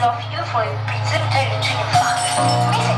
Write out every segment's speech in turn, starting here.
love you for your presentation. Miss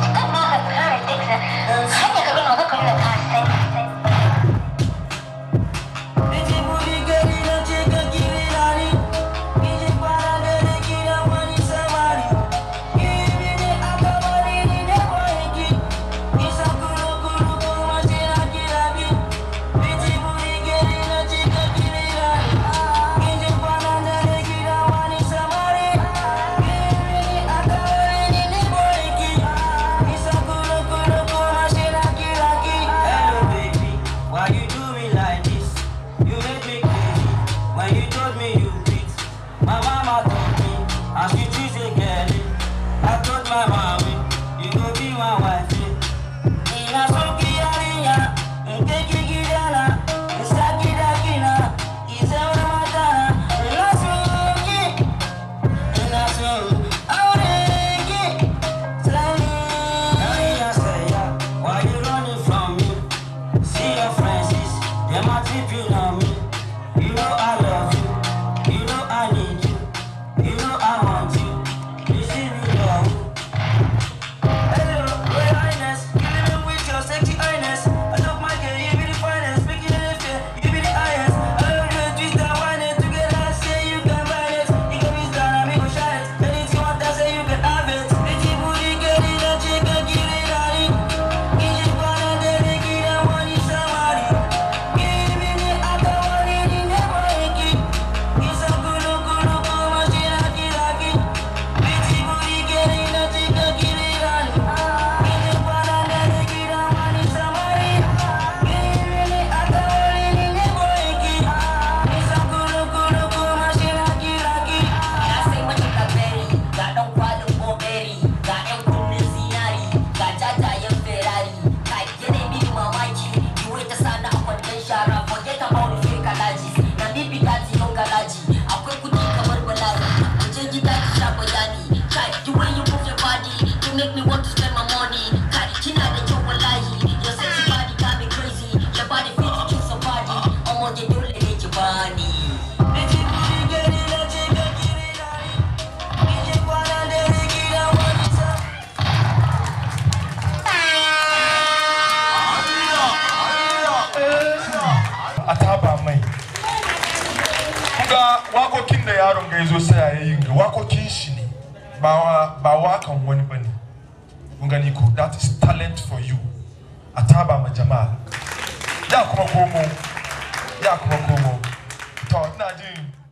My bye make me want to spend my money kina da kyau wallahi your sexy body got me crazy your body fit to somebody ne ki bani wakokin da yaron ga ya zo sai a yi shi ne ba wakan wani ba kun that is talent for you ataba Majama. ya kumakomo, ya kumakomo. komo na ina jin